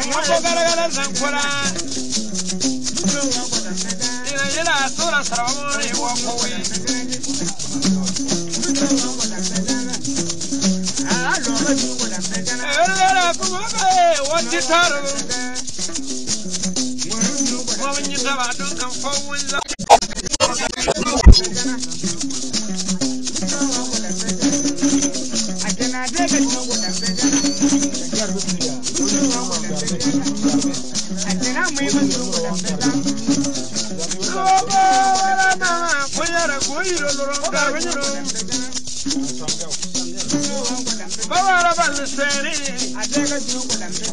kumakogaragala zankola yinayina asula sarabamore wakowe yolela kumobe watitaro wabunyita baduka mfowunza Thank you. bawara banisere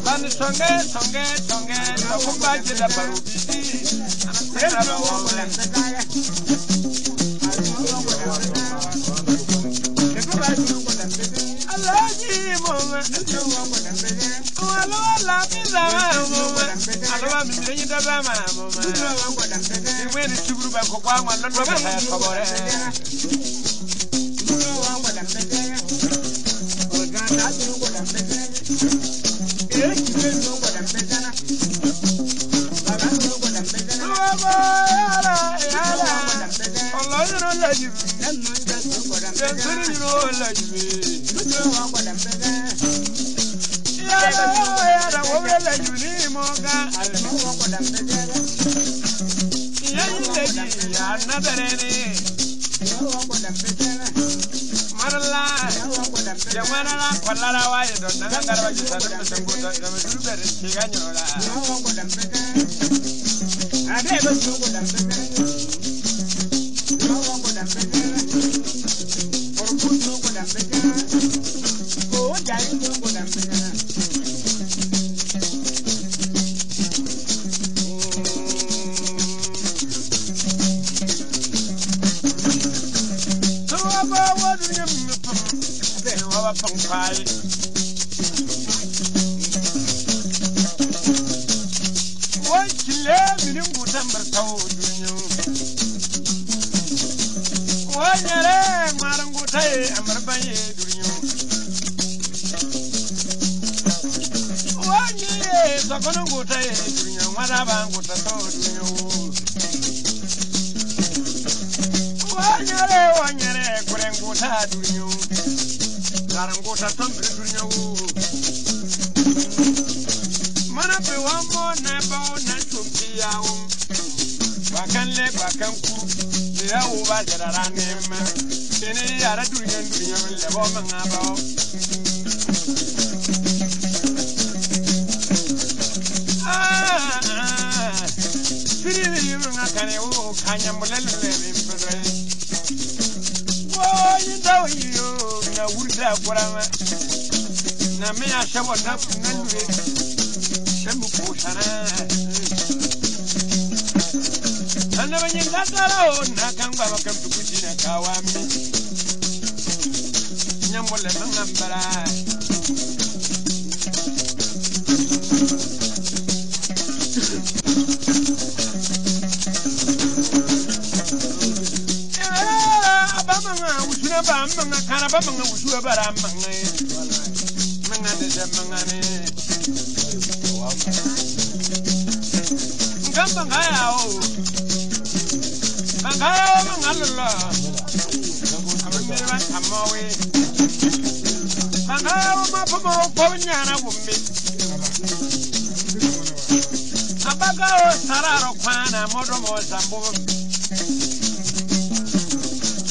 banisonge songe songe bakubajira barubisi alaji mo walo la bizawa mitenyi da ba ma mo ma ingwe ni chiburu ba ko kwa ngwa ndo ba ha ko bore Yeah i juli moga yayi leji ya nadarene marala ya marala kwalara waye don na gangara wa jisa don motherfucking you Why kile dunyo. Why nyare maran gutai amarbaye dunyo. Why nyare zakono gutai dunyo maraba gutato dunyo. Why nyare wanyare kurenguta dunyo garangota tambiri dunyawo mana pe wa mo ne ba o ne tumbi yawo bakan le bakan ku ya wo ba ne ma dunya dunya le ma ba o ah, ah, ah na wuri da gwarama na mina shabo na nan dure shabu ko shana ana banyin da tsaro na kan gaba kan tukuci na kawami nyambo le nan bara manga usuna ba manga kana ba manga usuna ba ra manga e. manga ne ja manga ne ngamba ngaya o manga ya o manga lola amamere ba amawe manga ya o mapoma o kwa wumi abaga o sararo kwana modomo zambo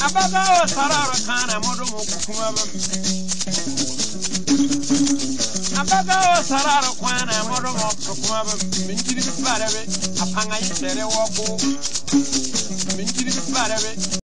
abagawa sararo kana modomo kuma ba abagawa sararo kana modomo kuma ba min jiri bi bare be apanga yi tere wo ko min jiri bi bare be